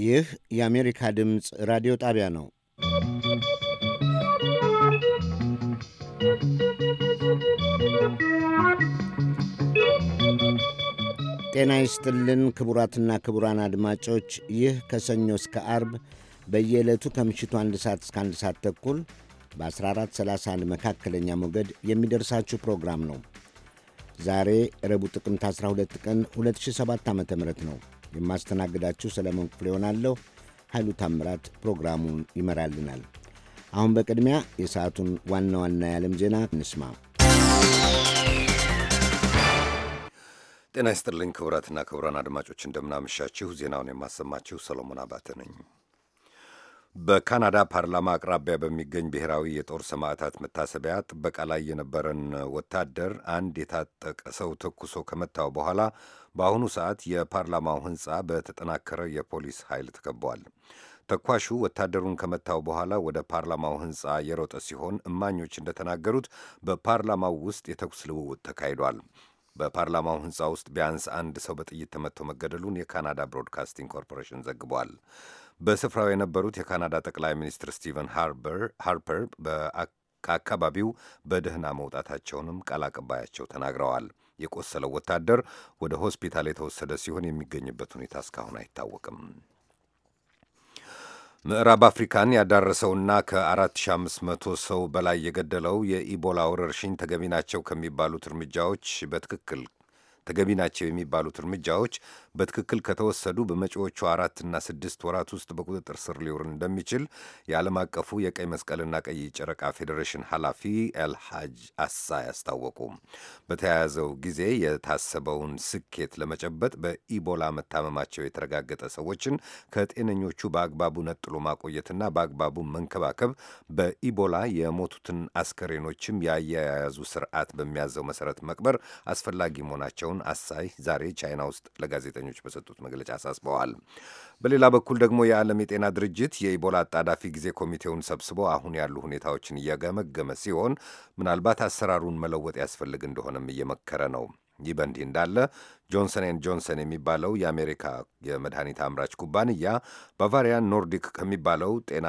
ይህ የአሜሪካ ድምፅ ራዲዮ ጣቢያ ነው። ጤና ይስጥልን ክቡራትና ክቡራን አድማጮች ይህ ከሰኞ እስከ አርብ በየዕለቱ ከምሽቱ አንድ ሰዓት እስከ አንድ ሰዓት ተኩል በ1431 መካከለኛ ሞገድ የሚደርሳችሁ ፕሮግራም ነው። ዛሬ ረቡዕ ጥቅምት 12 ቀን 2007 ዓ.ም ነው። የማስተናግዳችሁ ሰለሞን ክፍል ይሆናለሁ። ኃይሉ ታምራት ፕሮግራሙን ይመራልናል። አሁን በቅድሚያ የሰዓቱን ዋና ዋና የዓለም ዜና እንስማ። ጤና ይስጥልኝ ክቡራትና ክቡራን አድማጮች እንደምናመሻችሁ። ዜናውን የማሰማችሁ ሰሎሞን አባተ ነኝ። በካናዳ ፓርላማ አቅራቢያ በሚገኝ ብሔራዊ የጦር ሰማዕታት መታሰቢያ ጥበቃ ላይ የነበረን ወታደር አንድ የታጠቀ ሰው ተኩሶ ከመታው በኋላ በአሁኑ ሰዓት የፓርላማው ሕንፃ በተጠናከረ የፖሊስ ኃይል ተከቧል። ተኳሹ ወታደሩን ከመታው በኋላ ወደ ፓርላማው ሕንፃ የሮጠ ሲሆን እማኞች እንደተናገሩት በፓርላማው ውስጥ የተኩስ ልውውጥ ተካሂዷል። በፓርላማው ሕንፃ ውስጥ ቢያንስ አንድ ሰው በጥይት ተመትቶ መገደሉን የካናዳ ብሮድካስቲንግ ኮርፖሬሽን ዘግቧል። በስፍራው የነበሩት የካናዳ ጠቅላይ ሚኒስትር ስቲቨን ሃርፐር ከአካባቢው በደህና መውጣታቸውንም ቃል አቀባያቸው ተናግረዋል። የቆሰለው ወታደር ወደ ሆስፒታል የተወሰደ ሲሆን የሚገኝበት ሁኔታ እስካሁን አይታወቅም። ምዕራብ አፍሪካን ያዳረሰውና ከ4500 ሰው በላይ የገደለው የኢቦላ ወረርሽኝ ተገቢ ናቸው ከሚባሉት እርምጃዎች በትክክል ተገቢ ናቸው የሚባሉት እርምጃዎች በትክክል ከተወሰዱ በመጪዎቹ አራትና ስድስት ወራት ውስጥ በቁጥጥር ስር ሊውር እንደሚችል የዓለም አቀፉ የቀይ መስቀልና ቀይ ጨረቃ ፌዴሬሽን ኃላፊ ኤልሃጅ አሳይ አስታወቁ። በተያያዘው ጊዜ የታሰበውን ስኬት ለመጨበጥ በኢቦላ መታመማቸው የተረጋገጠ ሰዎችን ከጤነኞቹ በአግባቡ ነጥሎ ማቆየትና በአግባቡ መንከባከብ በኢቦላ የሞቱትን አስከሬኖችም የአያያዙ ስርዓት በሚያዘው መሰረት መቅበር አስፈላጊ መሆናቸውን አሳይ ዛሬ ቻይና ውስጥ ለጋዜጠ ጋዜጠኞች በሰጡት መግለጫ አሳስበዋል። በሌላ በኩል ደግሞ የዓለም የጤና ድርጅት የኢቦላ አጣዳፊ ጊዜ ኮሚቴውን ሰብስቦ አሁን ያሉ ሁኔታዎችን እያገመገመ ሲሆን ምናልባት አሰራሩን መለወጥ ያስፈልግ እንደሆነም እየመከረ ነው። ይህ በእንዲህ እንዳለ ጆንሰን ኤንድ ጆንሰን የሚባለው የአሜሪካ የመድኃኒት አምራች ኩባንያ ባቫሪያን ኖርዲክ ከሚባለው ጤና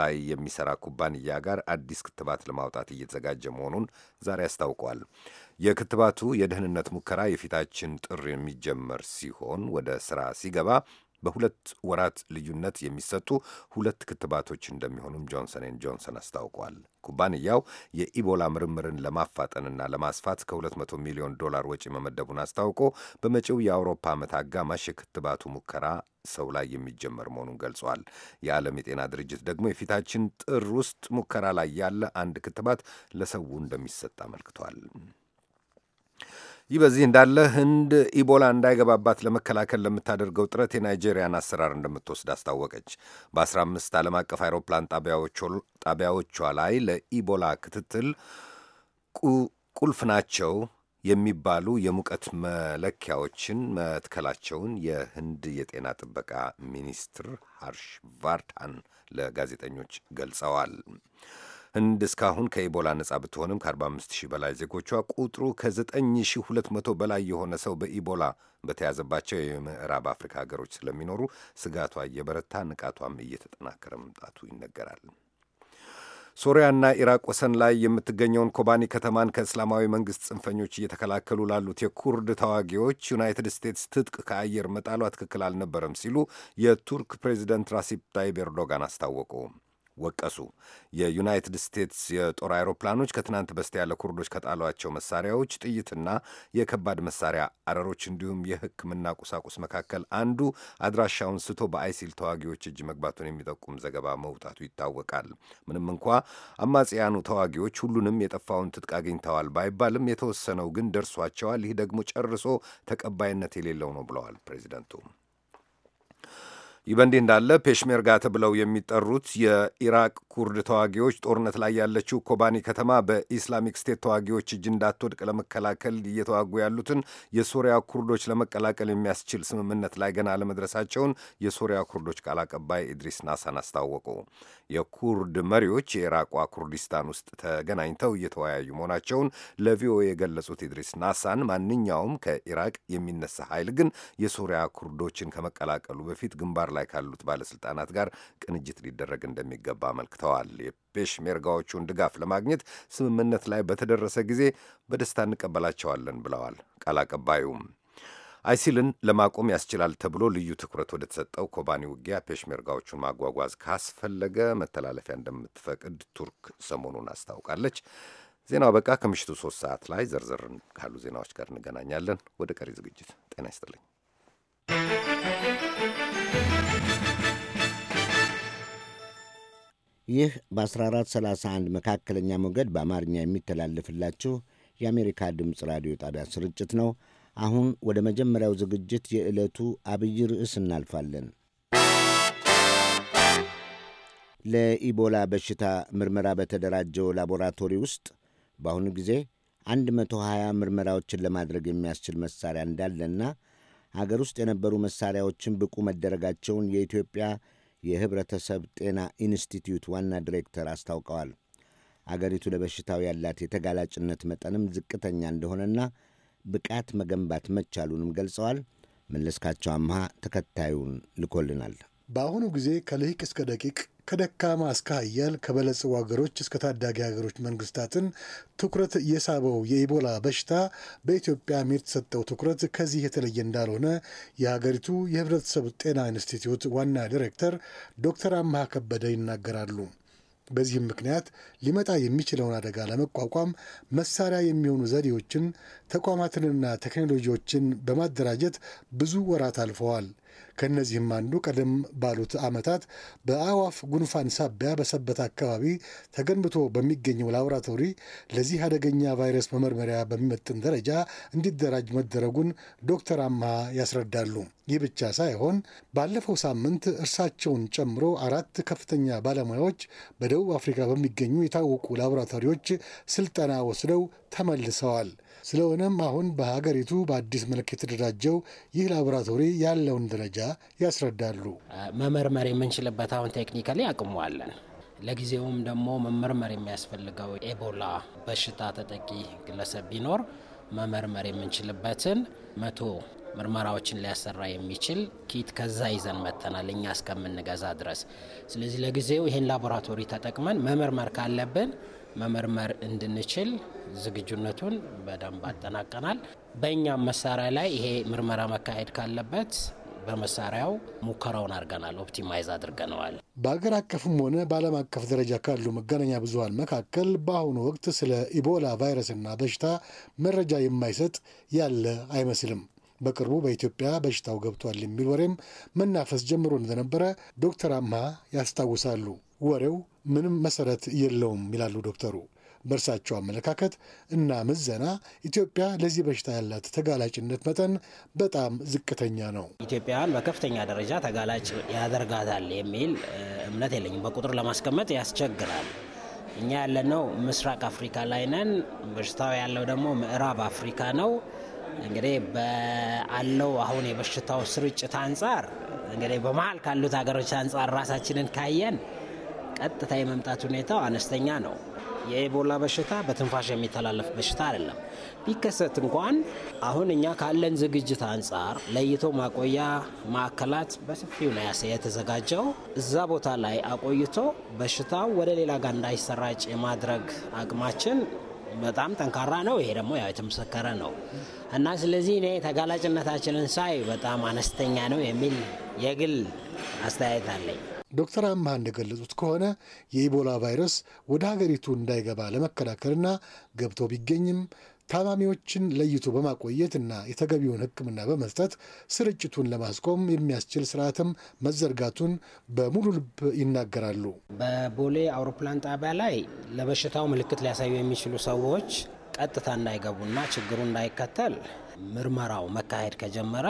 ላይ የሚሰራ ኩባንያ ጋር አዲስ ክትባት ለማውጣት እየተዘጋጀ መሆኑን ዛሬ አስታውቋል። የክትባቱ የደህንነት ሙከራ የፊታችን ጥር የሚጀመር ሲሆን ወደ ስራ ሲገባ በሁለት ወራት ልዩነት የሚሰጡ ሁለት ክትባቶች እንደሚሆኑም ጆንሰን ጆንሰን አስታውቋል። ኩባንያው የኢቦላ ምርምርን ለማፋጠንና ለማስፋት ከ200 ሚሊዮን ዶላር ወጪ መመደቡን አስታውቆ በመጪው የአውሮፓ ዓመት አጋማሽ የክትባቱ ሙከራ ሰው ላይ የሚጀመር መሆኑን ገልጿል። የዓለም የጤና ድርጅት ደግሞ የፊታችን ጥር ውስጥ ሙከራ ላይ ያለ አንድ ክትባት ለሰው እንደሚሰጥ አመልክቷል። ይህ በዚህ እንዳለ ህንድ ኢቦላ እንዳይገባባት ለመከላከል ለምታደርገው ጥረት የናይጄሪያን አሰራር እንደምትወስድ አስታወቀች። በ15 ዓለም አቀፍ አይሮፕላን ጣቢያዎቿ ላይ ለኢቦላ ክትትል ቁልፍ ናቸው የሚባሉ የሙቀት መለኪያዎችን መትከላቸውን የህንድ የጤና ጥበቃ ሚኒስትር ሃርሽ ቫርታን ለጋዜጠኞች ገልጸዋል። ህንድ እስካሁን ከኢቦላ ነጻ ብትሆንም ከ45 ሺህ በላይ ዜጎቿ ቁጥሩ ከ9200 በላይ የሆነ ሰው በኢቦላ በተያዘባቸው የምዕራብ አፍሪካ ሀገሮች ስለሚኖሩ ስጋቷ እየበረታ ንቃቷም እየተጠናከረ መምጣቱ ይነገራል። ሶሪያና ኢራቅ ወሰን ላይ የምትገኘውን ኮባኒ ከተማን ከእስላማዊ መንግስት ጽንፈኞች እየተከላከሉ ላሉት የኩርድ ተዋጊዎች ዩናይትድ ስቴትስ ትጥቅ ከአየር መጣሏ ትክክል አልነበረም ሲሉ የቱርክ ፕሬዚደንት ራሲፕ ታይብ ኤርዶጋን አስታወቁ። ወቀሱ። የዩናይትድ ስቴትስ የጦር አይሮፕላኖች ከትናንት በስቲያ ለኩርዶች ከጣሏቸው መሳሪያዎች ጥይትና የከባድ መሳሪያ አረሮች እንዲሁም የሕክምና ቁሳቁስ መካከል አንዱ አድራሻውን ስቶ በአይሲል ተዋጊዎች እጅ መግባቱን የሚጠቁም ዘገባ መውጣቱ ይታወቃል። ምንም እንኳ አማጽያኑ ተዋጊዎች ሁሉንም የጠፋውን ትጥቅ አግኝተዋል ባይባልም የተወሰነው ግን ደርሷቸዋል። ይህ ደግሞ ጨርሶ ተቀባይነት የሌለው ነው ብለዋል ፕሬዚደንቱ። ይህ በእንዲህ እንዳለ ፔሽሜርጋ ተብለው የሚጠሩት የኢራቅ ኩርድ ተዋጊዎች ጦርነት ላይ ያለችው ኮባኒ ከተማ በኢስላሚክ ስቴት ተዋጊዎች እጅ እንዳትወድቅ ለመከላከል እየተዋጉ ያሉትን የሶሪያ ኩርዶች ለመቀላቀል የሚያስችል ስምምነት ላይ ገና አለመድረሳቸውን የሶሪያ ኩርዶች ቃል አቀባይ ኢድሪስ ናሳን አስታወቁ። የኩርድ መሪዎች የኢራቋ ኩርዲስታን ውስጥ ተገናኝተው እየተወያዩ መሆናቸውን ለቪኦኤ የገለጹት ኢድሪስ ናሳን ማንኛውም ከኢራቅ የሚነሳ ኃይል ግን የሶሪያ ኩርዶችን ከመቀላቀሉ በፊት ግንባር ላይ ካሉት ባለስልጣናት ጋር ቅንጅት ሊደረግ እንደሚገባ አመልክተዋል። የፔሽሜርጋዎቹን ድጋፍ ለማግኘት ስምምነት ላይ በተደረሰ ጊዜ በደስታ እንቀበላቸዋለን ብለዋል ቃል አቀባዩም። አይሲልን ለማቆም ያስችላል ተብሎ ልዩ ትኩረት ወደ ተሰጠው ኮባኒ ውጊያ ፔሽሜርጋዎቹን ማጓጓዝ ካስፈለገ መተላለፊያ እንደምትፈቅድ ቱርክ ሰሞኑን አስታውቃለች። ዜናው በቃ ከምሽቱ ሶስት ሰዓት ላይ ዘርዘር ካሉ ዜናዎች ጋር እንገናኛለን። ወደ ቀሪ ዝግጅት ጤና ይስጥልኝ። ይህ በ1431 መካከለኛ ሞገድ በአማርኛ የሚተላለፍላችሁ የአሜሪካ ድምፅ ራዲዮ ጣቢያ ስርጭት ነው። አሁን ወደ መጀመሪያው ዝግጅት የዕለቱ አብይ ርዕስ እናልፋለን። ለኢቦላ በሽታ ምርመራ በተደራጀው ላቦራቶሪ ውስጥ በአሁኑ ጊዜ 120 ምርመራዎችን ለማድረግ የሚያስችል መሳሪያ እንዳለና አገር ውስጥ የነበሩ መሳሪያዎችን ብቁ መደረጋቸውን የኢትዮጵያ የህብረተሰብ ጤና ኢንስቲትዩት ዋና ዲሬክተር አስታውቀዋል። አገሪቱ ለበሽታው ያላት የተጋላጭነት መጠንም ዝቅተኛ እንደሆነና ብቃት መገንባት መቻሉንም ገልጸዋል። መለስካቸው አምሃ ተከታዩን ልኮልናል። በአሁኑ ጊዜ ከልሂቅ እስከ ደቂቅ ከደካማ እስከ ሀያል ከበለጸጉ ሀገሮች እስከ ታዳጊ ሀገሮች መንግስታትን ትኩረት የሳበው የኢቦላ በሽታ በኢትዮጵያም የተሰጠው ትኩረት ከዚህ የተለየ እንዳልሆነ የሀገሪቱ የህብረተሰብ ጤና ኢንስቲትዩት ዋና ዲሬክተር ዶክተር አማሀ ከበደ ይናገራሉ። በዚህም ምክንያት ሊመጣ የሚችለውን አደጋ ለመቋቋም መሳሪያ የሚሆኑ ዘዴዎችን፣ ተቋማትንና ቴክኖሎጂዎችን በማደራጀት ብዙ ወራት አልፈዋል። ከእነዚህም አንዱ ቀደም ባሉት ዓመታት በአዋፍ ጉንፋን ሳቢያ በሰበት አካባቢ ተገንብቶ በሚገኘው ላቦራቶሪ ለዚህ አደገኛ ቫይረስ መመርመሪያ በሚመጥን ደረጃ እንዲደራጅ መደረጉን ዶክተር አምሃ ያስረዳሉ። ይህ ብቻ ሳይሆን ባለፈው ሳምንት እርሳቸውን ጨምሮ አራት ከፍተኛ ባለሙያዎች በደቡብ አፍሪካ በሚገኙ የታወቁ ላቦራቶሪዎች ስልጠና ወስደው ተመልሰዋል። ስለሆነም አሁን በሀገሪቱ በአዲስ መልክ የተደራጀው ይህ ላቦራቶሪ ያለውን ደረጃ ያስረዳሉ። መመርመር የምንችልበት አሁን ቴክኒካሊ አቅሟለን። ለጊዜውም ደግሞ መመርመር የሚያስፈልገው ኤቦላ በሽታ ተጠቂ ግለሰብ ቢኖር መመርመር የምንችልበትን መቶ ምርመራዎችን ሊያሰራ የሚችል ኪት ከዛ ይዘን መጥተናል እኛ እስከምንገዛ ድረስ። ስለዚህ ለጊዜው ይህን ላቦራቶሪ ተጠቅመን መመርመር ካለብን መመርመር እንድንችል ዝግጁነቱን በደንብ አጠናቀናል። በእኛም መሳሪያ ላይ ይሄ ምርመራ መካሄድ ካለበት በመሳሪያው ሙከራውን አድርገናል፣ ኦፕቲማይዝ አድርገነዋል። በአገር አቀፍም ሆነ በዓለም አቀፍ ደረጃ ካሉ መገናኛ ብዙኃን መካከል በአሁኑ ወቅት ስለ ኢቦላ ቫይረስና በሽታ መረጃ የማይሰጥ ያለ አይመስልም። በቅርቡ በኢትዮጵያ በሽታው ገብቷል የሚል ወሬም መናፈስ ጀምሮ እንደነበረ ዶክተር አምሃ ያስታውሳሉ። ወሬው ምንም መሰረት የለውም ይላሉ ዶክተሩ። በእርሳቸው አመለካከት እና ምዘና ኢትዮጵያ ለዚህ በሽታ ያላት ተጋላጭነት መጠን በጣም ዝቅተኛ ነው። ኢትዮጵያን በከፍተኛ ደረጃ ተጋላጭ ያደርጋታል የሚል እምነት የለኝም። በቁጥር ለማስቀመጥ ያስቸግራል። እኛ ያለነው ምስራቅ አፍሪካ ላይ ነን። በሽታው ያለው ደግሞ ምዕራብ አፍሪካ ነው። እንግዲህ በአለው አሁን የበሽታው ስርጭት አንጻር እንግዲህ በመሀል ካሉት ሀገሮች አንጻር ራሳችንን ካየን ቀጥታ የመምጣት ሁኔታው አነስተኛ ነው። የኢቦላ በሽታ በትንፋሽ የሚተላለፍ በሽታ አይደለም። ቢከሰት እንኳን አሁን እኛ ካለን ዝግጅት አንጻር ለይቶ ማቆያ ማዕከላት በሰፊው ነው ያሰ የተዘጋጀው እዛ ቦታ ላይ አቆይቶ በሽታው ወደ ሌላ ጋር እንዳይሰራጭ የማድረግ አቅማችን በጣም ጠንካራ ነው። ይሄ ደግሞ ያው የተመሰከረ ነው እና ስለዚህ እኔ ተጋላጭነታችንን ሳይ በጣም አነስተኛ ነው የሚል የግል አስተያየት አለኝ። ዶክተር አምሃ እንደገለጹት ከሆነ የኢቦላ ቫይረስ ወደ ሀገሪቱ እንዳይገባ ለመከላከልና ገብቶ ቢገኝም ታማሚዎችን ለይቶ በማቆየት እና የተገቢውን ሕክምና በመስጠት ስርጭቱን ለማስቆም የሚያስችል ስርዓትም መዘርጋቱን በሙሉ ልብ ይናገራሉ። በቦሌ አውሮፕላን ጣቢያ ላይ ለበሽታው ምልክት ሊያሳዩ የሚችሉ ሰዎች ቀጥታ እንዳይገቡና ችግሩ እንዳይከተል ምርመራው መካሄድ ከጀመረ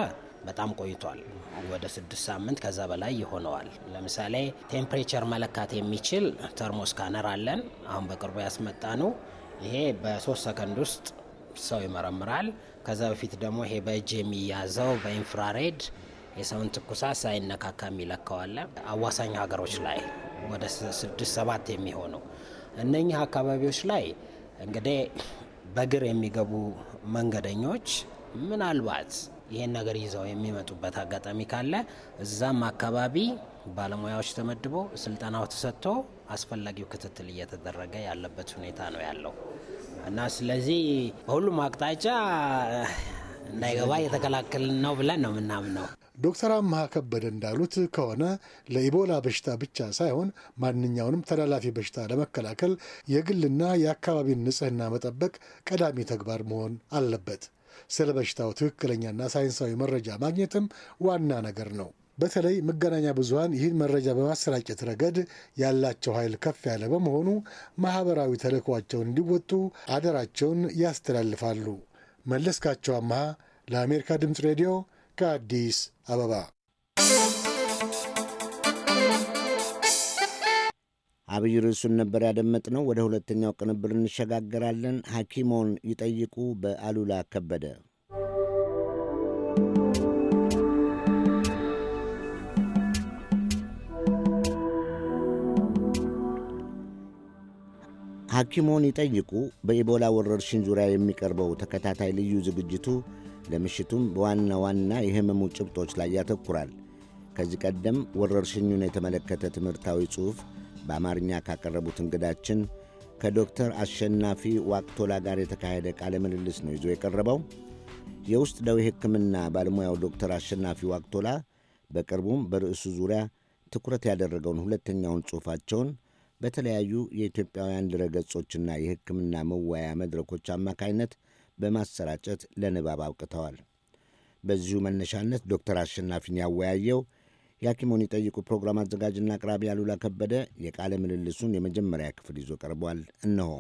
በጣም ቆይቷል። ወደ ስድስት ሳምንት ከዛ በላይ ይሆነዋል። ለምሳሌ ቴምፕሬቸር መለካት የሚችል ተርሞስካነር አለን። አሁን በቅርቡ ያስመጣ ነው። ይሄ በሶስት ሰከንድ ውስጥ ሰው ይመረምራል። ከዛ በፊት ደግሞ ይሄ በእጅ የሚያዘው በኢንፍራሬድ የሰውን ትኩሳት ሳይነካካ የሚለካዋለ አዋሳኝ ሀገሮች ላይ ወደ ስድስት ሰባት የሚሆኑ እነኚህ አካባቢዎች ላይ እንግዲህ በእግር የሚገቡ መንገደኞች ምናልባት ይሄን ነገር ይዘው የሚመጡበት አጋጣሚ ካለ እዛም አካባቢ ባለሙያዎች ተመድቦ ስልጠናው ተሰጥቶ አስፈላጊው ክትትል እየተደረገ ያለበት ሁኔታ ነው ያለው እና ስለዚህ በሁሉም አቅጣጫ እንዳይገባ እየተከላከልን ነው ብለን ነው የምናምነው። ዶክተር አምሃ ከበደ እንዳሉት ከሆነ ለኢቦላ በሽታ ብቻ ሳይሆን ማንኛውንም ተላላፊ በሽታ ለመከላከል የግልና የአካባቢን ንጽህና መጠበቅ ቀዳሚ ተግባር መሆን አለበት። ስለ በሽታው ትክክለኛና ሳይንሳዊ መረጃ ማግኘትም ዋና ነገር ነው። በተለይ መገናኛ ብዙሀን ይህን መረጃ በማሰራጨት ረገድ ያላቸው ኃይል ከፍ ያለ በመሆኑ ማህበራዊ ተልዕኳቸውን እንዲወጡ አደራቸውን ያስተላልፋሉ። መለስካቸው አምሃ ለአሜሪካ ድምፅ ሬዲዮ ከአዲስ አበባ አብይ ርዕሱን ነበር ያደመጥነው። ወደ ሁለተኛው ቅንብር እንሸጋገራለን። ሐኪሞን ይጠይቁ በአሉላ ከበደ ሐኪሞን ይጠይቁ በኢቦላ ወረርሽኝ ዙሪያ የሚቀርበው ተከታታይ ልዩ ዝግጅቱ ለምሽቱም በዋና ዋና የህመሙ ጭብጦች ላይ ያተኩራል። ከዚህ ቀደም ወረርሽኙን የተመለከተ ትምህርታዊ ጽሑፍ በአማርኛ ካቀረቡት እንግዳችን ከዶክተር አሸናፊ ዋቅቶላ ጋር የተካሄደ ቃለ ምልልስ ነው ይዞ የቀረበው። የውስጥ ደዌ ሕክምና ባለሙያው ዶክተር አሸናፊ ዋቅቶላ በቅርቡም በርዕሱ ዙሪያ ትኩረት ያደረገውን ሁለተኛውን ጽሑፋቸውን በተለያዩ የኢትዮጵያውያን ድረገጾችና የሕክምና መወያያ መድረኮች አማካይነት በማሰራጨት ለንባብ አብቅተዋል። በዚሁ መነሻነት ዶክተር አሸናፊን ያወያየው የሐኪሙን ይጠይቁ ፕሮግራም አዘጋጅና አቅራቢ አሉላ ከበደ የቃለ ምልልሱን የመጀመሪያ ክፍል ይዞ ቀርቧል። እነሆ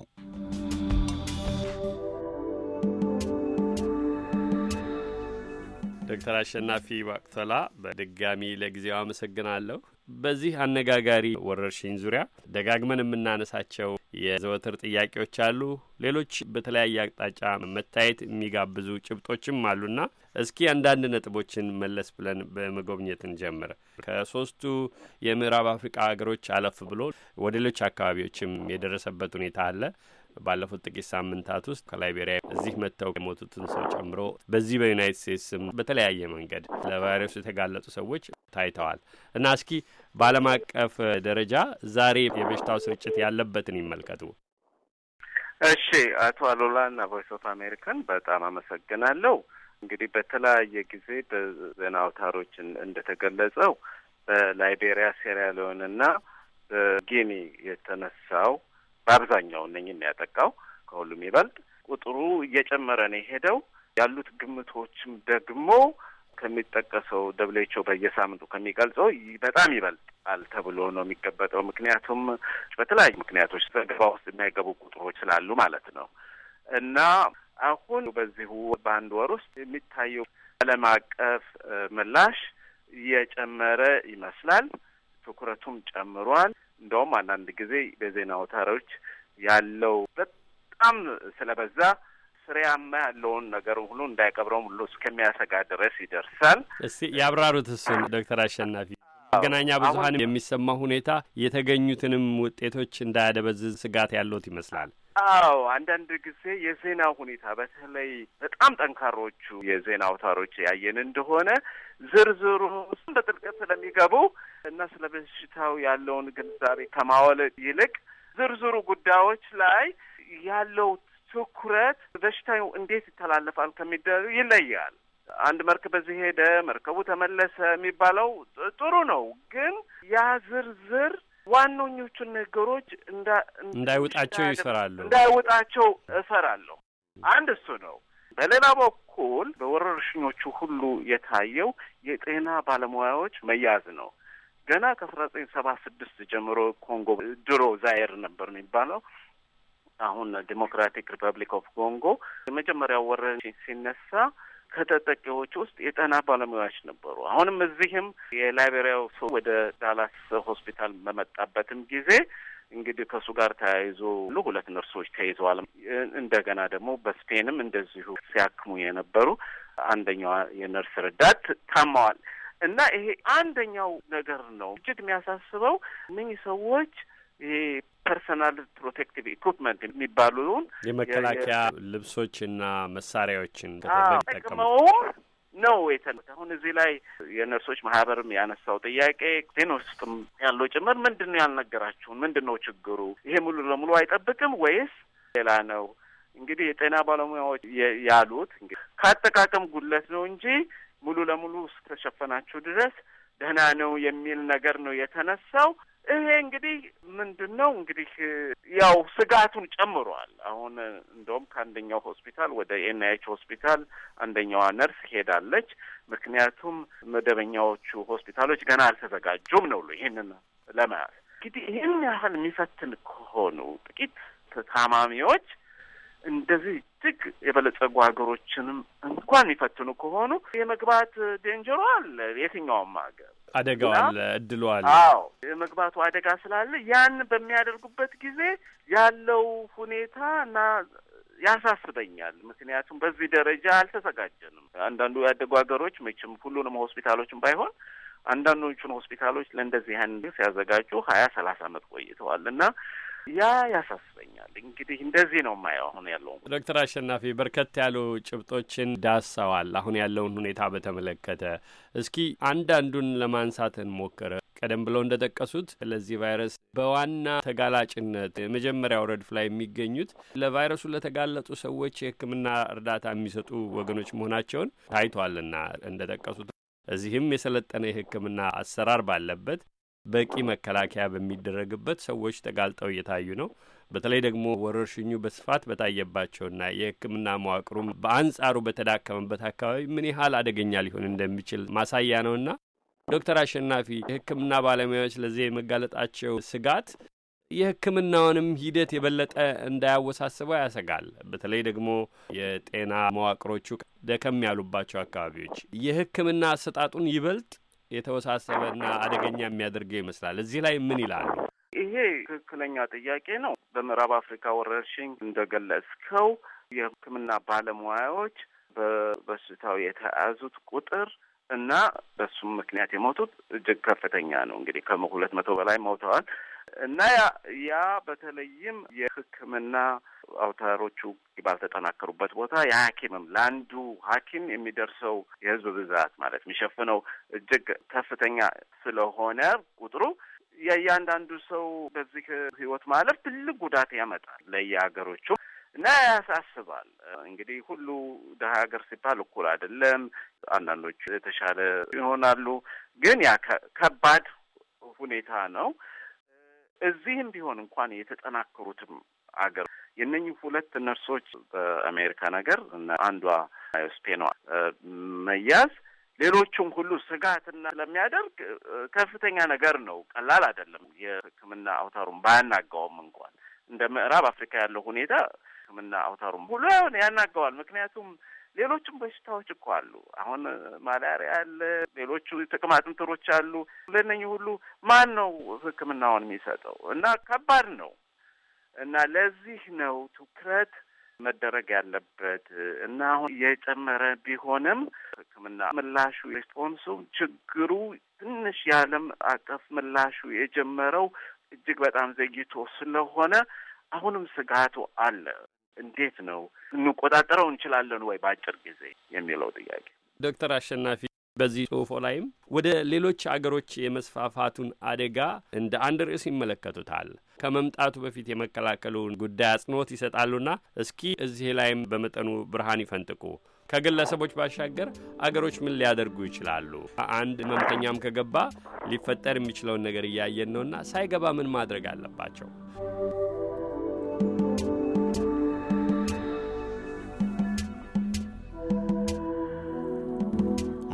ዶክተር አሸናፊ ባቅቶላ በድጋሚ ለጊዜው አመሰግናለሁ። በዚህ አነጋጋሪ ወረርሽኝ ዙሪያ ደጋግመን የምናነሳቸው የዘወትር ጥያቄዎች አሉ። ሌሎች በተለያየ አቅጣጫ መታየት የሚጋብዙ ጭብጦችም አሉና እስኪ አንዳንድ ነጥቦችን መለስ ብለን በመጎብኘት እንጀምር። ከሶስቱ የምዕራብ አፍሪቃ ሀገሮች አለፍ ብሎ ወደ ሌሎች አካባቢዎችም የደረሰበት ሁኔታ አለ። ባለፉት ጥቂት ሳምንታት ውስጥ ከላይቤሪያ እዚህ መጥተው የሞቱትን ሰው ጨምሮ በዚህ በዩናይት ስቴትስም በተለያየ መንገድ ለቫይረሱ የተጋለጡ ሰዎች ታይተዋል እና እስኪ በዓለም አቀፍ ደረጃ ዛሬ የበሽታው ስርጭት ያለበትን ይመልከቱ። እሺ፣ አቶ አሉላ እና ቮይስ ኦፍ አሜሪካን በጣም አመሰግናለሁ። እንግዲህ በተለያየ ጊዜ በዜና አውታሮች እንደተገለጸው በላይቤሪያ ሴራሊዮን እና በጊኒ የተነሳው በአብዛኛው እነኝን የሚያጠቃው ከሁሉም ይበልጥ ቁጥሩ እየጨመረ ነው የሄደው። ያሉት ግምቶችም ደግሞ ከሚጠቀሰው ደብሌቸው በየሳምንቱ ከሚገልጸው በጣም ይበልጣል ተብሎ ነው የሚገበጠው። ምክንያቱም በተለያዩ ምክንያቶች ዘገባ ውስጥ የማይገቡ ቁጥሮች ስላሉ ማለት ነው እና አሁን በዚሁ በአንድ ወር ውስጥ የሚታየው ዓለም አቀፍ ምላሽ እየጨመረ ይመስላል። ትኩረቱም ጨምሯል። እንደውም አንዳንድ ጊዜ በዜና አውታሮች ያለው በጣም ስለበዛ ፍሬያማ ያለውን ነገር ሁሉ እንዳይቀብረውም ሁሉ እስከሚያሰጋ ድረስ ይደርሳል። እስቲ ያብራሩት እሱን ዶክተር አሸናፊ መገናኛ ብዙኃን የሚሰማ ሁኔታ የተገኙትንም ውጤቶች እንዳያደበዝዝ ስጋት ያለት ይመስላል። አዎ አንዳንድ ጊዜ የዜና ሁኔታ በተለይ በጣም ጠንካሮቹ የዜና አውታሮች ያየን እንደሆነ ዝርዝሩ በጥልቀት ስለሚገቡ እና ስለ በሽታው ያለውን ግንዛቤ ከማወል ይልቅ ዝርዝሩ ጉዳዮች ላይ ያለው ትኩረት በሽታው እንዴት ይተላለፋል ከሚደረ ይለያል። አንድ መርከብ በዚህ ሄደ፣ መርከቡ ተመለሰ የሚባለው ጥሩ ነው፣ ግን ያ ዝርዝር ዋነኞቹን ነገሮች እንዳይወጣቸው ይሰራሉ። እንዳይወጣቸው እሰራለሁ። አንድ እሱ ነው። በሌላ በኩል በወረርሽኞቹ ሁሉ የታየው የጤና ባለሙያዎች መያዝ ነው። ገና ከአስራ ዘጠኝ ሰባ ስድስት ጀምሮ ኮንጎ ድሮ ዛየር ነበር የሚባለው አሁን ዲሞክራቲክ ሪፐብሊክ ኦፍ ኮንጎ የመጀመሪያው ወረርሽኝ ሲነሳ ከተጠቂዎች ውስጥ የጤና ባለሙያዎች ነበሩ። አሁንም እዚህም የላይቤሪያው ሰው ወደ ዳላስ ሆስፒታል በመጣበትም ጊዜ እንግዲህ ከእሱ ጋር ተያይዞ ሁለት ነርሶች ተይዘዋል። እንደገና ደግሞ በስፔንም እንደዚሁ ሲያክሙ የነበሩ አንደኛዋ የነርስ ረዳት ታማዋል። እና ይሄ አንደኛው ነገር ነው እጅግ የሚያሳስበው እነኚህ ሰዎች ይሄ ፐርሰናል ፕሮቴክቲቭ ኢኩፕመንት የሚባሉን የመከላከያ ልብሶችና መሳሪያዎችን ተጠቅመው ነው የተ አሁን እዚህ ላይ የነርሶች ማህበርም ያነሳው ጥያቄ ዜና ውስጥም ያለው ጭምር ምንድን ነው ያልነገራችሁን? ምንድን ነው ችግሩ? ይሄ ሙሉ ለሙሉ አይጠብቅም ወይስ ሌላ ነው? እንግዲህ የጤና ባለሙያዎች ያሉት እንግዲህ ከአጠቃቀም ጉድለት ነው እንጂ ሙሉ ለሙሉ እስከተሸፈናችሁ ድረስ ደህና ነው የሚል ነገር ነው የተነሳው። ይሄ እንግዲህ ምንድን ነው እንግዲህ ያው ስጋቱን ጨምሯል። አሁን እንደውም ከአንደኛው ሆስፒታል ወደ ኤች ሆስፒታል አንደኛዋ ነርስ ሄዳለች። ምክንያቱም መደበኛዎቹ ሆስፒታሎች ገና አልተዘጋጁም ነው ይህንን ለመያዝ እንግዲህ ይህን ያህል የሚፈትን ከሆኑ ጥቂት ታማሚዎች እንደዚህ እጅግ የበለጸጉ ሀገሮችንም እንኳን የሚፈትኑ ከሆኑ የመግባት ዴንጀሮ አለ የትኛውም ሀገር አደጋው አለ፣ እድሉ አለ። አዎ የመግባቱ አደጋ ስላለ ያን በሚያደርጉበት ጊዜ ያለው ሁኔታ እና ያሳስበኛል። ምክንያቱም በዚህ ደረጃ አልተዘጋጀንም። አንዳንዱ ያደጉ ሀገሮች መቼም ሁሉንም ሆስፒታሎችን ባይሆን አንዳንዶቹን ሆስፒታሎች ለእንደዚህ ያን ሲያዘጋጁ ሀያ ሰላሳ አመት ቆይተዋል እና ያ ያሳስበኛል። እንግዲህ እንደዚህ ነው የማየው አሁን ያለው። ዶክተር አሸናፊ በርከት ያሉ ጭብጦችን ዳሰዋል። አሁን ያለውን ሁኔታ በተመለከተ እስኪ አንዳንዱን ለማንሳት እንሞክር። ቀደም ብለው እንደጠቀሱት ለዚህ ቫይረስ በዋና ተጋላጭነት የመጀመሪያው ረድፍ ላይ የሚገኙት ለቫይረሱ ለተጋለጡ ሰዎች የሕክምና እርዳታ የሚሰጡ ወገኖች መሆናቸውን ታይቷልና ጠቀሱት እዚህም የሰለጠነ የሕክምና አሰራር ባለበት በቂ መከላከያ በሚደረግበት ሰዎች ተጋልጠው እየታዩ ነው። በተለይ ደግሞ ወረርሽኙ በስፋት በታየባቸውና የሕክምና መዋቅሩም በአንጻሩ በተዳከመበት አካባቢ ምን ያህል አደገኛ ሊሆን እንደሚችል ማሳያ ነውና ዶክተር አሸናፊ የሕክምና ባለሙያዎች ለዚህ የመጋለጣቸው ስጋት የሕክምናውንም ሂደት የበለጠ እንዳያወሳስበው ያሰጋል። በተለይ ደግሞ የጤና መዋቅሮቹ ደከም ያሉባቸው አካባቢዎች የሕክምና አሰጣጡን ይበልጥ የተወሳሰበና አደገኛ የሚያደርገው ይመስላል። እዚህ ላይ ምን ይላሉ? ይሄ ትክክለኛ ጥያቄ ነው። በምዕራብ አፍሪካ ወረርሽኝ እንደገለጽከው የሕክምና ባለሙያዎች በበሽታው የተያዙት ቁጥር እና በሱም ምክንያት የሞቱት እጅግ ከፍተኛ ነው። እንግዲህ ከሁለት መቶ በላይ ሞተዋል። እና ያ በተለይም የሕክምና አውታሮቹ ባልተጠናከሩበት ቦታ የሐኪምም ለአንዱ ሐኪም የሚደርሰው የህዝብ ብዛት ማለት የሚሸፍነው እጅግ ከፍተኛ ስለሆነ ቁጥሩ የእያንዳንዱ ሰው በዚህ ህይወት ማለፍ ትልቅ ጉዳት ያመጣል ለየሀገሮቹ እና ያሳስባል። እንግዲህ ሁሉ ደሀ ሀገር ሲባል እኩል አይደለም። አንዳንዶቹ የተሻለ ይሆናሉ፣ ግን ያ ከባድ ሁኔታ ነው። እዚህም ቢሆን እንኳን የተጠናከሩትም አገር የእነኝህ ሁለት ነርሶች በአሜሪካ ነገር አንዷ ስፔኗ መያዝ ሌሎቹም ሁሉ ስጋትና ስለሚያደርግ ከፍተኛ ነገር ነው። ቀላል አይደለም። የሕክምና አውታሩም ባያናጋውም እንኳን እንደ ምዕራብ አፍሪካ ያለው ሁኔታ ሕክምና አውታሩም ሁሉ ያናጋዋል። ምክንያቱም ሌሎችም በሽታዎች እኮ አሉ። አሁን ማላሪያ አለ፣ ሌሎቹ ተቅማጥምትሮች አሉ። ለነኝ ሁሉ ማን ነው ሕክምናውን የሚሰጠው? እና ከባድ ነው እና ለዚህ ነው ትኩረት መደረግ ያለበት እና አሁን የጨመረ ቢሆንም ሕክምና ምላሹ ሪስፖንሱ ችግሩ ትንሽ የዓለም አቀፍ ምላሹ የጀመረው እጅግ በጣም ዘግይቶ ስለሆነ አሁንም ስጋቱ አለ። እንዴት ነው እንቆጣጠረው እንችላለን ወይ በአጭር ጊዜ የሚለው ጥያቄ። ዶክተር አሸናፊ በዚህ ጽሁፎ ላይም ወደ ሌሎች አገሮች የመስፋፋቱን አደጋ እንደ አንድ ርዕስ ይመለከቱታል። ከመምጣቱ በፊት የመከላከሉን ጉዳይ አጽንኦት ይሰጣሉና እስኪ እዚህ ላይም በመጠኑ ብርሃን ይፈንጥቁ። ከግለሰቦች ባሻገር አገሮች ምን ሊያደርጉ ይችላሉ? አንድ ህመምተኛም ከገባ ሊፈጠር የሚችለውን ነገር እያየን ነውና ሳይገባ ምን ማድረግ አለባቸው?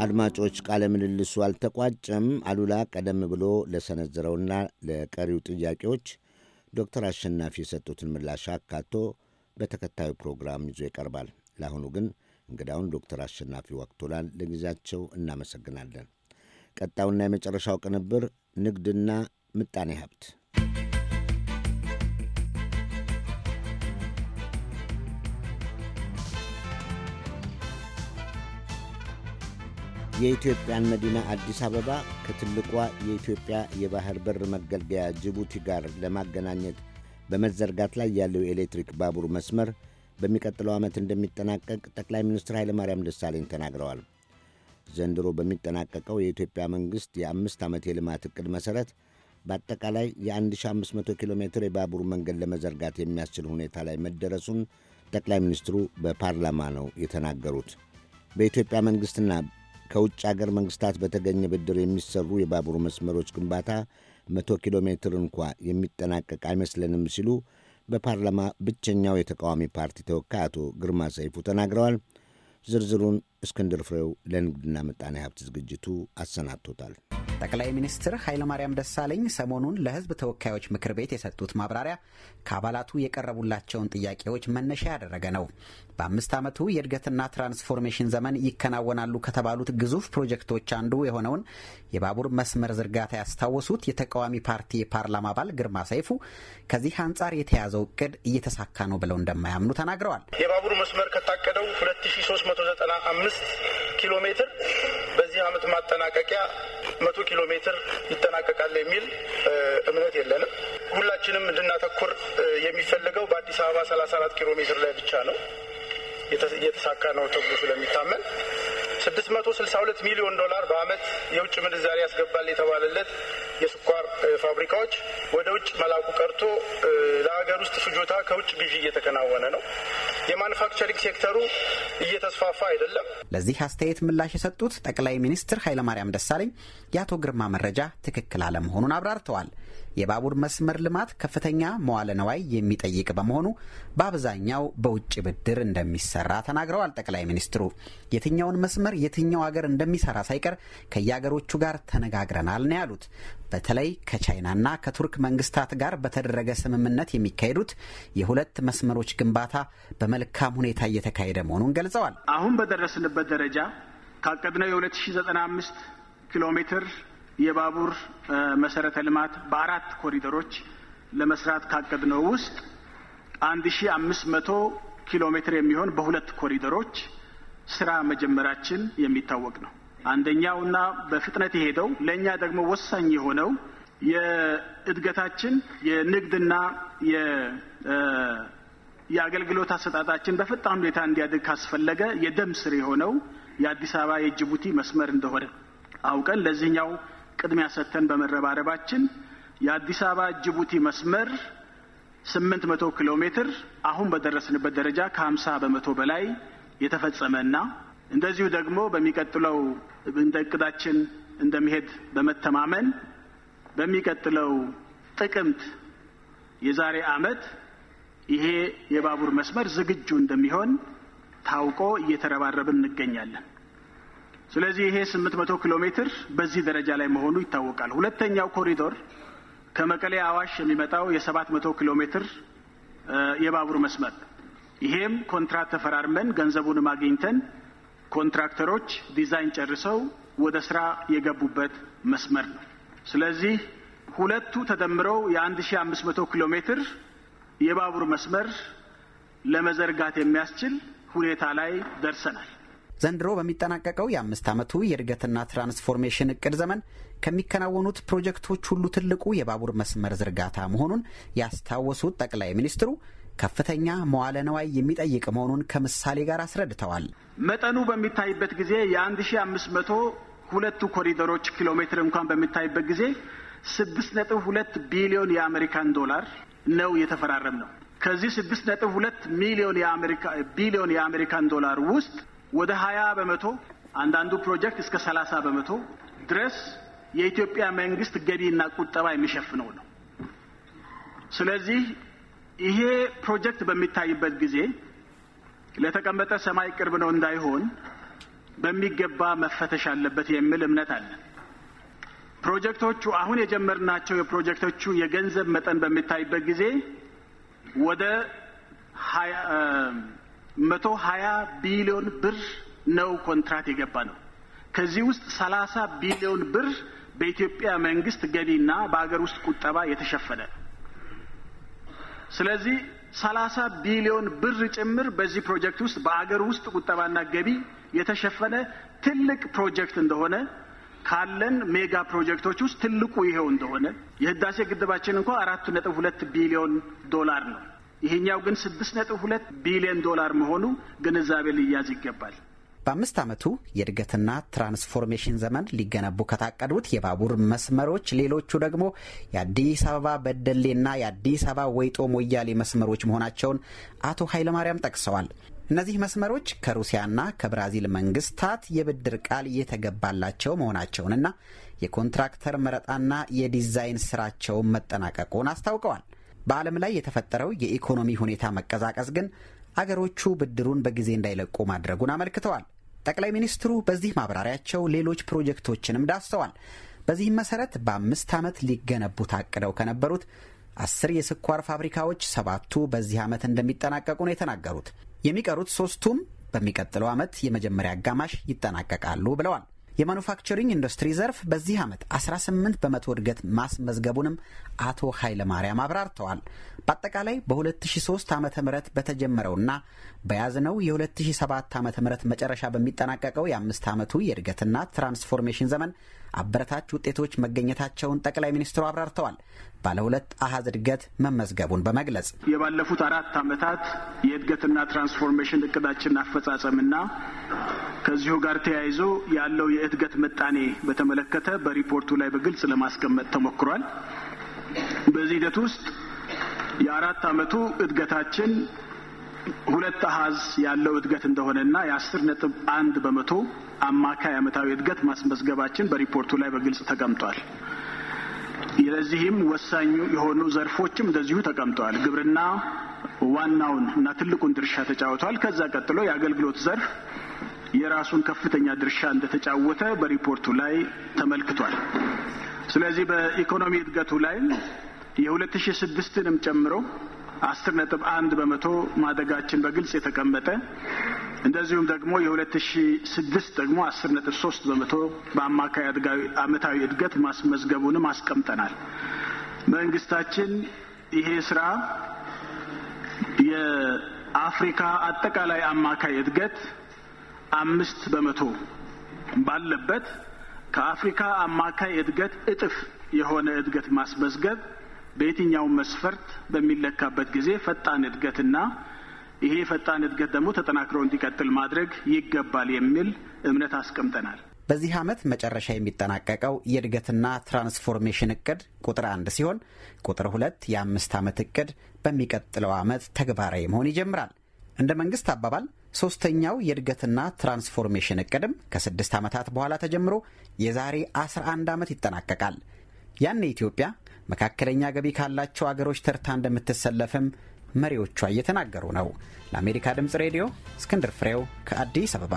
አድማጮች ቃለ ምልልሱ አልተቋጨም። አሉላ ቀደም ብሎ ለሰነዘረውና ለቀሪው ጥያቄዎች ዶክተር አሸናፊ የሰጡትን ምላሽ አካቶ በተከታዩ ፕሮግራም ይዞ ይቀርባል። ለአሁኑ ግን እንግዳውን ዶክተር አሸናፊ ወቅቶላን ለጊዜያቸው እናመሰግናለን። ቀጣውና የመጨረሻው ቅንብር ንግድና ምጣኔ ሀብት የኢትዮጵያን መዲና አዲስ አበባ ከትልቋ የኢትዮጵያ የባህር በር መገልገያ ጅቡቲ ጋር ለማገናኘት በመዘርጋት ላይ ያለው የኤሌክትሪክ ባቡር መስመር በሚቀጥለው ዓመት እንደሚጠናቀቅ ጠቅላይ ሚኒስትር ኃይለማርያም ደሳለኝ ተናግረዋል። ዘንድሮ በሚጠናቀቀው የኢትዮጵያ መንግሥት የአምስት ዓመት የልማት ዕቅድ መሠረት በአጠቃላይ የ1500 ኪሎ ሜትር የባቡር መንገድ ለመዘርጋት የሚያስችል ሁኔታ ላይ መደረሱን ጠቅላይ ሚኒስትሩ በፓርላማ ነው የተናገሩት። በኢትዮጵያ መንግሥትና ከውጭ አገር መንግሥታት በተገኘ ብድር የሚሰሩ የባቡር መስመሮች ግንባታ መቶ ኪሎ ሜትር እንኳ የሚጠናቀቅ አይመስለንም ሲሉ በፓርላማ ብቸኛው የተቃዋሚ ፓርቲ ተወካይ አቶ ግርማ ሰይፉ ተናግረዋል። ዝርዝሩን እስክንድር ፍሬው ለንግድና ምጣኔ ሀብት ዝግጅቱ አሰናድቶታል። ጠቅላይ ሚኒስትር ኃይለማርያም ደሳለኝ ሰሞኑን ለሕዝብ ተወካዮች ምክር ቤት የሰጡት ማብራሪያ ከአባላቱ የቀረቡላቸውን ጥያቄዎች መነሻ ያደረገ ነው። በአምስት ዓመቱ የእድገትና ትራንስፎርሜሽን ዘመን ይከናወናሉ ከተባሉት ግዙፍ ፕሮጀክቶች አንዱ የሆነውን የባቡር መስመር ዝርጋታ ያስታወሱት የተቃዋሚ ፓርቲ የፓርላማ አባል ግርማ ሰይፉ ከዚህ አንጻር የተያዘው እቅድ እየተሳካ ነው ብለው እንደማያምኑ ተናግረዋል። የባቡር መስመር ከታቀደው አምስት ኪሎ ሜትር በዚህ ዓመት ማጠናቀቂያ መቶ ኪሎ ሜትር ይጠናቀቃል የሚል እምነት የለንም። ሁላችንም እንድናተኩር የሚፈልገው በአዲስ አበባ ሰላሳ አራት ኪሎ ሜትር ላይ ብቻ ነው የተሳካ ነው ተብሎ ስለሚታመን ስድስት መቶ ስልሳ ሁለት ሚሊዮን ዶላር በአመት የውጭ ምንዛሪ ያስገባል የተባለለት የስኳር ፋብሪካዎች ወደ ውጭ መላኩ ቀርቶ ለሀገር ውስጥ ፍጆታ ከውጭ ግዢ እየተከናወነ ነው። የማኑፋክቸሪንግ ሴክተሩ እየተስፋፋ አይደለም። ለዚህ አስተያየት ምላሽ የሰጡት ጠቅላይ ሚኒስትር ኃይለማርያም ደሳለኝ የአቶ ግርማ መረጃ ትክክል አለመሆኑን አብራርተዋል። የባቡር መስመር ልማት ከፍተኛ መዋለ ነዋይ የሚጠይቅ በመሆኑ በአብዛኛው በውጭ ብድር እንደሚሰራ ተናግረዋል። ጠቅላይ ሚኒስትሩ የትኛውን መስመር የትኛው ሀገር እንደሚሰራ ሳይቀር ከየሀገሮቹ ጋር ተነጋግረናል ነው ያሉት። በተለይ ከቻይናና ከቱርክ መንግስታት ጋር በተደረገ ስምምነት የሚካሄዱት የሁለት መስመሮች ግንባታ በመልካም ሁኔታ እየተካሄደ መሆኑን ገልጸዋል። አሁን በደረስንበት ደረጃ ካቀድነው የ2095 ኪሎ ሜትር የባቡር መሰረተ ልማት በአራት ኮሪደሮች ለመስራት ካቀድነው ውስጥ መቶ ኪሎ ሜትር የሚሆን በሁለት ኮሪደሮች ስራ መጀመራችን የሚታወቅ ነው። አንደኛውና በፍጥነት የሄደው ለእኛ ደግሞ ወሳኝ የሆነው የእድገታችን የንግድና የአገልግሎት አሰጣጣችን በፈጣን ሁኔታ እንዲያድግ ካስፈለገ የደም ስር የሆነው የአዲስ አበባ የጅቡቲ መስመር እንደሆነ አውቀን ለዚህኛው ቅድሚያ ሰጥተን በመረባረባችን የአዲስ አበባ ጅቡቲ መስመር ስምንት መቶ ኪሎ ሜትር አሁን በደረስንበት ደረጃ ከሀምሳ በመቶ በላይ የተፈጸመና እንደዚሁ ደግሞ በሚቀጥለው እንደ እቅዳችን እንደሚሄድ በመተማመን በሚቀጥለው ጥቅምት የዛሬ ዓመት ይሄ የባቡር መስመር ዝግጁ እንደሚሆን ታውቆ እየተረባረብን እንገኛለን። ስለዚህ ይሄ 800 ኪሎ ሜትር በዚህ ደረጃ ላይ መሆኑ ይታወቃል። ሁለተኛው ኮሪዶር ከመቀሌ አዋሽ የሚመጣው የ700 ኪሎ ሜትር የባቡር መስመር ይሄም ኮንትራት ተፈራርመን ገንዘቡንም አግኝተን ኮንትራክተሮች ዲዛይን ጨርሰው ወደ ስራ የገቡበት መስመር ነው። ስለዚህ ሁለቱ ተደምረው የ1500 ኪሎ ሜትር የባቡር መስመር ለመዘርጋት የሚያስችል ሁኔታ ላይ ደርሰናል። ዘንድሮ በሚጠናቀቀው የአምስት ዓመቱ የእድገትና ትራንስፎርሜሽን እቅድ ዘመን ከሚከናወኑት ፕሮጀክቶች ሁሉ ትልቁ የባቡር መስመር ዝርጋታ መሆኑን ያስታወሱት ጠቅላይ ሚኒስትሩ ከፍተኛ መዋለ ነዋይ የሚጠይቅ መሆኑን ከምሳሌ ጋር አስረድተዋል። መጠኑ በሚታይበት ጊዜ የ1500 ሁለቱ ኮሪደሮች ኪሎ ሜትር እንኳን በሚታይበት ጊዜ 6.2 ቢሊዮን የአሜሪካን ዶላር ነው የተፈራረም ነው። ከዚህ 6.2 ሚሊዮን ቢሊዮን የአሜሪካን ዶላር ውስጥ ወደ 20 በመቶ አንዳንዱ ፕሮጀክት እስከ 30 በመቶ ድረስ የኢትዮጵያ መንግስት ገቢ እና ቁጠባ የሚሸፍነው ነው። ስለዚህ ይሄ ፕሮጀክት በሚታይበት ጊዜ ለተቀመጠ ሰማይ ቅርብ ነው እንዳይሆን በሚገባ መፈተሽ አለበት የሚል እምነት አለ። ፕሮጀክቶቹ አሁን የጀመርናቸው የፕሮጀክቶቹ የገንዘብ መጠን በሚታይበት ጊዜ ወደ መቶ ሀያ ቢሊዮን ብር ነው ኮንትራት የገባ ነው። ከዚህ ውስጥ ሰላሳ ቢሊዮን ብር በኢትዮጵያ መንግስት ገቢና በሀገር ውስጥ ቁጠባ የተሸፈነ ስለዚህ ሰላሳ ቢሊዮን ብር ጭምር በዚህ ፕሮጀክት ውስጥ በአገር ውስጥ ቁጠባና ገቢ የተሸፈነ ትልቅ ፕሮጀክት እንደሆነ ካለን ሜጋ ፕሮጀክቶች ውስጥ ትልቁ ይሄው እንደሆነ የህዳሴ ግድባችን እንኳ አራት ነጥብ ሁለት ቢሊዮን ዶላር ነው። ይሄኛው ግን ስድስት ነጥብ ሁለት ቢሊዮን ዶላር መሆኑ ግንዛቤ ሊያዝ ይገባል። በአምስት ዓመቱ የእድገትና ትራንስፎርሜሽን ዘመን ሊገነቡ ከታቀዱት የባቡር መስመሮች ሌሎቹ ደግሞ የአዲስ አበባ በደሌና የአዲስ አበባ ወይጦ ሞያሌ መስመሮች መሆናቸውን አቶ ኃይለማርያም ጠቅሰዋል። እነዚህ መስመሮች ከሩሲያና ከብራዚል መንግስታት የብድር ቃል እየተገባላቸው መሆናቸውንና የኮንትራክተር መረጣና የዲዛይን ስራቸውን መጠናቀቁን አስታውቀዋል። በዓለም ላይ የተፈጠረው የኢኮኖሚ ሁኔታ መቀዛቀዝ ግን አገሮቹ ብድሩን በጊዜ እንዳይለቁ ማድረጉን አመልክተዋል። ጠቅላይ ሚኒስትሩ በዚህ ማብራሪያቸው ሌሎች ፕሮጀክቶችንም ዳሰዋል። በዚህም መሰረት በአምስት ዓመት ሊገነቡ ታቅደው ከነበሩት አስር የስኳር ፋብሪካዎች ሰባቱ በዚህ ዓመት እንደሚጠናቀቁ ነው የተናገሩት። የሚቀሩት ሶስቱም በሚቀጥለው ዓመት የመጀመሪያ አጋማሽ ይጠናቀቃሉ ብለዋል። የማኑፋክቸሪንግ ኢንዱስትሪ ዘርፍ በዚህ ዓመት 18 በመቶ እድገት ማስመዝገቡንም አቶ ኃይለማርያም አብራርተዋል። በአጠቃላይ በ2003 ዓ ም በተጀመረውና በያዝነው የ2007 ዓ ም መጨረሻ በሚጠናቀቀው የአምስት ዓመቱ የእድገትና ትራንስፎርሜሽን ዘመን አበረታች ውጤቶች መገኘታቸውን ጠቅላይ ሚኒስትሩ አብራርተዋል። ባለሁለት ሁለት አሀዝ እድገት መመዝገቡን በመግለጽ የባለፉት አራት ዓመታት የእድገትና ትራንስፎርሜሽን እቅዳችን አፈጻጸምና ከዚሁ ጋር ተያይዞ ያለው የእድገት ምጣኔ በተመለከተ በሪፖርቱ ላይ በግልጽ ለማስቀመጥ ተሞክሯል። በዚህ ሂደት ውስጥ የአራት ዓመቱ እድገታችን ሁለት አሀዝ ያለው እድገት እንደሆነና የአስር ነጥብ አንድ በመቶ አማካይ ዓመታዊ እድገት ማስመዝገባችን በሪፖርቱ ላይ በግልጽ ተቀምጧል። ለዚህም ወሳኙ የሆኑ ዘርፎችም እንደዚሁ ተቀምጠዋል። ግብርና ዋናውን እና ትልቁን ድርሻ ተጫውቷል። ከዛ ቀጥሎ የአገልግሎት ዘርፍ የራሱን ከፍተኛ ድርሻ እንደተጫወተ በሪፖርቱ ላይ ተመልክቷል። ስለዚህ በኢኮኖሚ እድገቱ ላይ የ2006ንም ጨምሮ 10.1 በመቶ ማደጋችን በግልጽ የተቀመጠ እንደዚሁም ደግሞ የ2006 ደግሞ አስር በመቶ በአማካይ አመታዊ እድገት ማስመዝገቡንም አስቀምጠናል። መንግስታችን ይሄ ስራ የአፍሪካ አጠቃላይ አማካይ እድገት አምስት በመቶ ባለበት ከአፍሪካ አማካይ እድገት እጥፍ የሆነ እድገት ማስመዝገብ በየትኛውም መስፈርት በሚለካበት ጊዜ ፈጣን እድገትና ይሄ ፈጣን እድገት ደግሞ ተጠናክሮ እንዲቀጥል ማድረግ ይገባል የሚል እምነት አስቀምጠናል። በዚህ ዓመት መጨረሻ የሚጠናቀቀው የእድገትና ትራንስፎርሜሽን እቅድ ቁጥር አንድ ሲሆን ቁጥር ሁለት የአምስት ዓመት እቅድ በሚቀጥለው ዓመት ተግባራዊ መሆን ይጀምራል። እንደ መንግስት አባባል ሶስተኛው የእድገትና ትራንስፎርሜሽን እቅድም ከስድስት ዓመታት በኋላ ተጀምሮ የዛሬ 11 ዓመት ይጠናቀቃል። ያኔ ኢትዮጵያ መካከለኛ ገቢ ካላቸው አገሮች ተርታ እንደምትሰለፍም መሪዎቿ እየተናገሩ ነው። ለአሜሪካ ድምፅ ሬዲዮ እስክንድር ፍሬው ከአዲስ አበባ።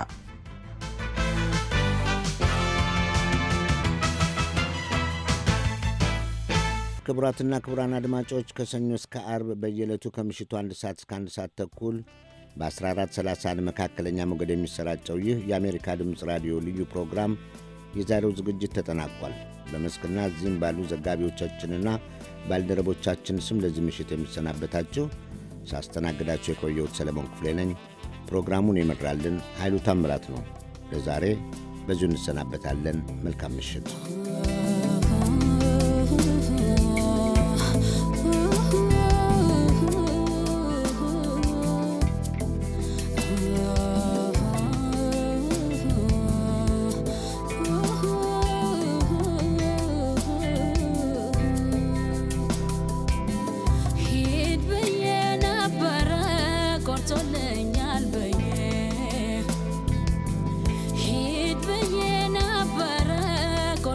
ክቡራትና ክቡራን አድማጮች ከሰኞ እስከ አርብ በየዕለቱ ከምሽቱ አንድ ሰዓት እስከ አንድ ሰዓት ተኩል በ1430 መካከለኛ ሞገድ የሚሰራጨው ይህ የአሜሪካ ድምፅ ራዲዮ ልዩ ፕሮግራም የዛሬው ዝግጅት ተጠናቋል። በመስክና እዚህም ባሉ ዘጋቢዎቻችንና ባልደረቦቻችን ስም ለዚህ ምሽት የምሰናበታችሁ ሳስተናግዳችሁ የቆየሁት ሰለሞን ክፍሌ ነኝ። ፕሮግራሙን የመራልን ኃይሉ ታምራት ነው። ለዛሬ በዚሁ እንሰናበታለን። መልካም ምሽት።